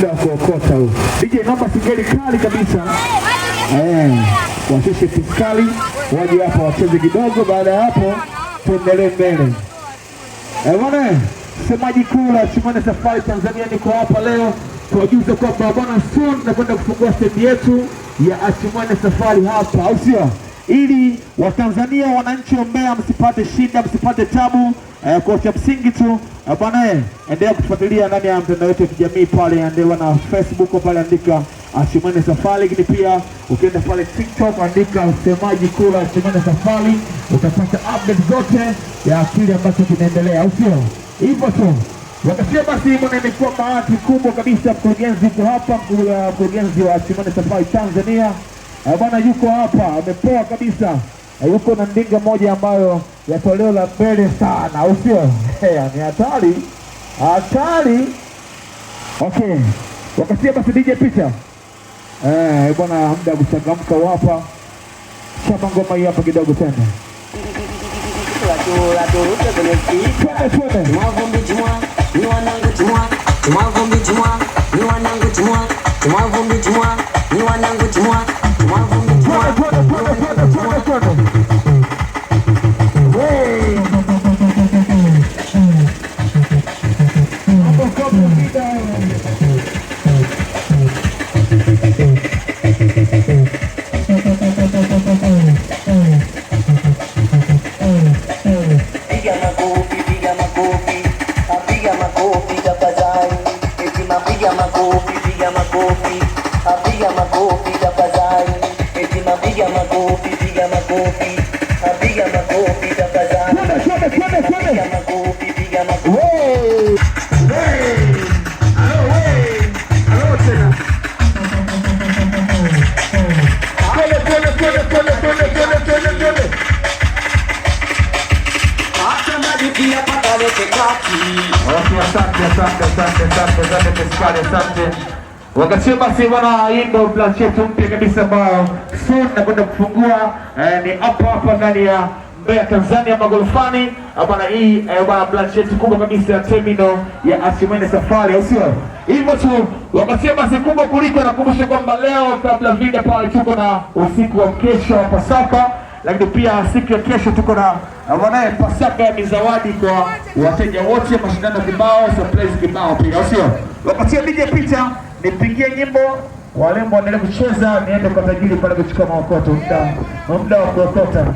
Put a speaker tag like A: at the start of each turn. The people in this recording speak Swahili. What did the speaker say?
A: muda wa kuokota huu. DJ, naomba singeli kali kabisa eh, washushe fiskali waje hapa wacheze kidogo, baada ya hapo tuendelee mbele. Eh, bwana semaji kuu la Safari Tanzania, niko hapa leo kuwajuza kwamba bwana, Sun nakwenda kufungua stendi yetu ya Achimwene Safari hapa, au sio? ili Watanzania wananchi wa Mbeya msipate shida, msipate tabu. Eh, kwa cha msingi tu eh, bwana, endelea kutufuatilia ndani ya mtandao wetu wa kijamii pale, endelea na Facebook pale, andika Ashimane ah, Safari, lakini pia ukienda pale TikTok andika usemaji kula Ashimane Safari, utapata update zote ya kile ambacho kinaendelea, au sio? Hivyo tu wakasema basi, mbona imekuwa bahati kubwa kabisa, mkurugenzi uko hapa, eh, mkurugenzi wa Ashimane Safari Tanzania Ah, bwana yuko hapa, amepoa kabisa, ah, yuko na ndinga moja ambayo ya toleo la mbele sana, au sio? Ni hatari hatari. Okay, wakasia basi DJ picha eh, bwana, muda kuchangamka hapa, Chapa ngoma hii hapa kidogo tena makofi, piga makofi, apiga makofi tafadhali, eti mapiga makofi, piga makofi, apiga makofi tafadhali, piga makofi, piga makofi. Yeah. niweke kati. Wakasema basi wana wimbo blanche yetu mpya kabisa ambao soon nakwenda kufungua eh, ni hapa hapa ndani ya Mbeya Tanzania magolfani ah, bana, hii eh, bana blanche yetu kubwa kabisa ya terminal ya Asimene Safari, au sio? Hivyo tu wakasema si kubwa kuliko. Nakumbusha kwamba leo kabla vida pale tuko na usiku wa kesho hapa Sapa, lakini pia siku ya kesho tuko na na mwanaye Pasaka ni zawadi kwa wateja wote, mashindano kibao, surprise kibao pia, sio? Wapatie DJ picha, nipigie nyimbo, walimu waendelee kucheza, niende kwa tajiri pale kuchukua maokoto, muda muda wa kuokota.